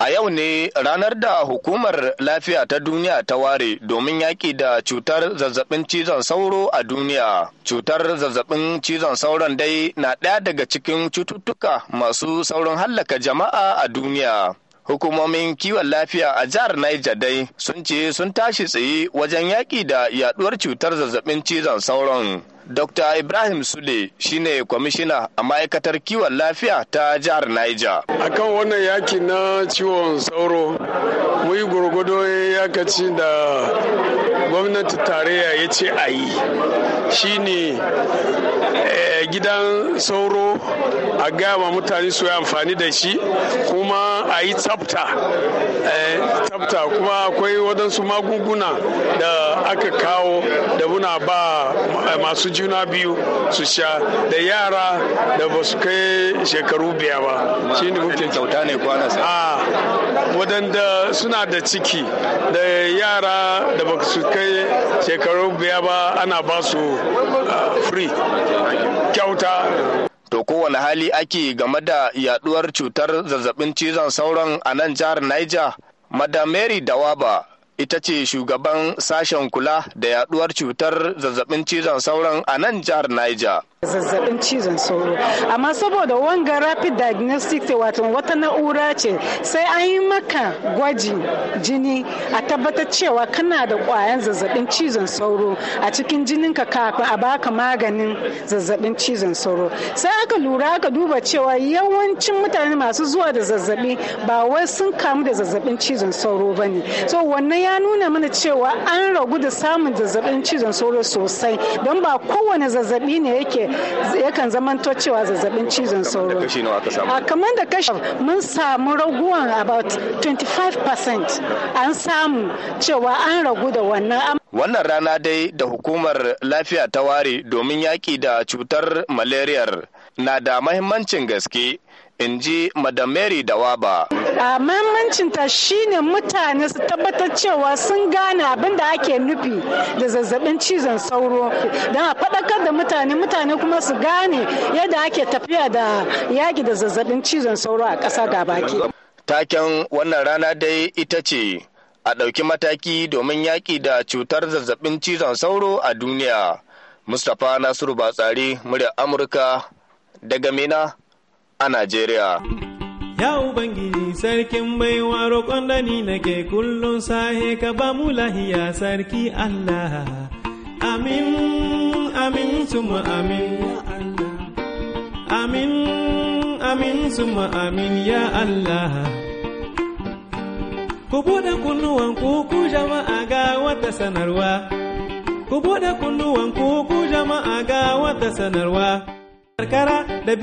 A yau ne ranar da hukumar lafiya ta duniya ta ware domin yaƙi da cutar zazzabin cizon sauro a duniya. Cutar zazzabin cizon sauron dai na ɗaya daga cikin cututtuka masu saurin hallaka jama'a a duniya. Hukumomin kiwon lafiya a jihar Niger dai sun ce sun tashi tsaye wajen yaƙi da yaɗuwar cutar zazzabin cizon sauron. Dr. Ibrahim Sule shine kwamishina a ma'aikatar kiwon lafiya ta jihar Niger. kan wannan yaki na ciwon sauro, yi gurgudo yakaci da gwamnati tarayya ya ce a yi ne eh, gidan sauro a gama mutane su yi amfani da shi kuma a yi tsafta eh, tsafta kuma akwai waɗansu magunguna da aka kawo da muna ba masu juna biyu su sha da yara da ba su kai shekaru biya ba shi ne kuke kyauta ne kwana a ah, wadanda suna da ciki da yara da ba su kai shekaru biya ba ana ba su ah, free kyauta to kowane hali ake game da yaduwar cutar zazzabin cizon sauron a nan jihar niger madam mary dawaba ita ce shugaban sashen kula da yaduwar cutar zazzabin cizon sauran a nan jihar Niger. zazzabin cizon sauro amma saboda wanga rapid diagnostic wato wata na'ura ce sai an yi maka gwaji jini a tabbatar cewa kana da kwayan zazzabin cizon sauro a cikin jininka kafin a baka maganin zazzabin cizon sauro sai aka lura aka duba cewa yawancin mutane masu zuwa da zazzabi ba wai sun kamu da zazzabin cizon sauro ba ne so wannan ya nuna mana cewa an ragu da samun zazzabin cizon sauro sosai don ba kowane zazzabi ne yake yakan to cewa zazzabin cizon sauro a kamar da kashi mun samu raguwan about 25% an samu cewa an ragu da wannan wannan rana dai da hukumar lafiya ta ware domin yaƙi da cutar malariyar na da mahimmancin gaske in ji madam mary dawaba a mahimmancinta shine mutane su tabbatar cewa sun gane abin da ake nufi da zazzabin cizon sauro don a faɗakar da mutane mutane kuma su gane yadda ake tafiya da yaki da zazzabin cizon sauro a ƙasa ga baki taken wannan rana dai ita ce a ɗauki mataki domin yaƙi da cutar zazzabin cizon sauro a duniya mustapha nasiru batsari muryar amurka daga Mina a Najeriya. Ya Ubangiji sarkin baiwa roƙon da na nake kullum sahe ka ba mu lahiya sarki Allah. Amin, amin, suma amin, ya Allah. Amin, amin, suma amin, ya Allah. Ku buɗe kunnuwan ku jama'a ga wata sanarwa. Ku buɗe kunnuwan ku jama'a ga wata sanarwa. cara de